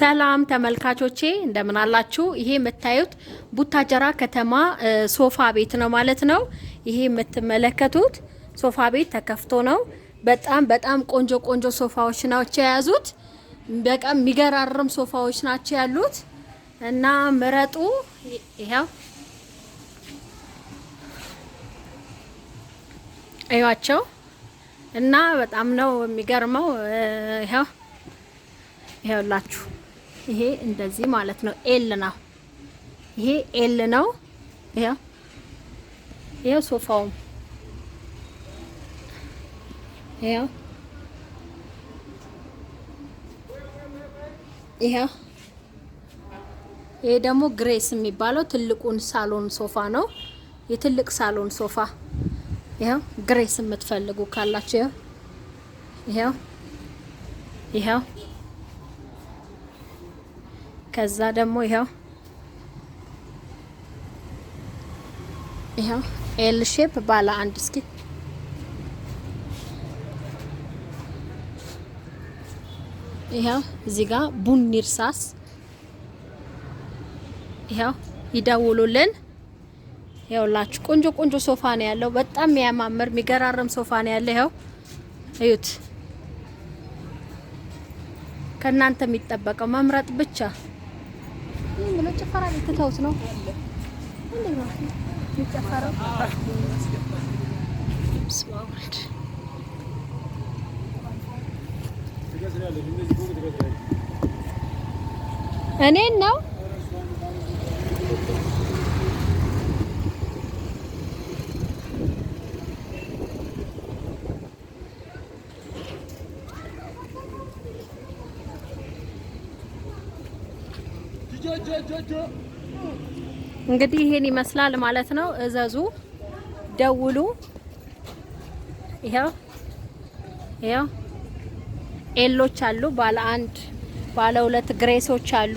ሰላም ተመልካቾቼ እንደምን አላችሁ? ይሄ የምታዩት ቡታጀራ ከተማ ሶፋ ቤት ነው ማለት ነው። ይሄ የምትመለከቱት ሶፋ ቤት ተከፍቶ ነው። በጣም በጣም ቆንጆ ቆንጆ ሶፋዎች ናቸው የያዙት። በቃም የሚገራርም ሶፋዎች ናቸው ያሉት እና ምረጡ። ይኸው እዩዋቸው እና በጣም ነው የሚገርመው። ይኸው ይኸውላችሁ ይሄ እንደዚህ ማለት ነው። ኤል ነው ይሄ ኤል ነው። ይሄ ይሄ ሶፋው ይሄ ደግሞ ግሬስ የሚባለው ትልቁን ሳሎን ሶፋ ነው። የትልቅ ሳሎን ሶፋ ይሄ ግሬስ የምትፈልጉ ካላችሁ ይሄ ይሄ ከዛ ደግሞ ይኸው ይኸው ኤል ሼፕ ባለ አንድ እስኪ ይኸው እዚህ ጋር ቡኒ እርሳስ ይኸው ይደውሉልን። ይኸውላችሁ ቆንጆ ቆንጆ ሶፋ ነው ያለው። በጣም የሚያማምር የሚገራረም ሶፋ ነው ያለው። ይኸው እዩት። ከእናንተ የሚጠበቀው መምረጥ ብቻ ነው ጭፈራ ልትተውት ነው እኔን ነው እንግዲህ ይሄን ይመስላል ማለት ነው። እዘዙ፣ ደውሉ። ይሄው ይሄው ኤሎች አሉ፣ ባለ አንድ ባለ ሁለት ግሬሶች አሉ።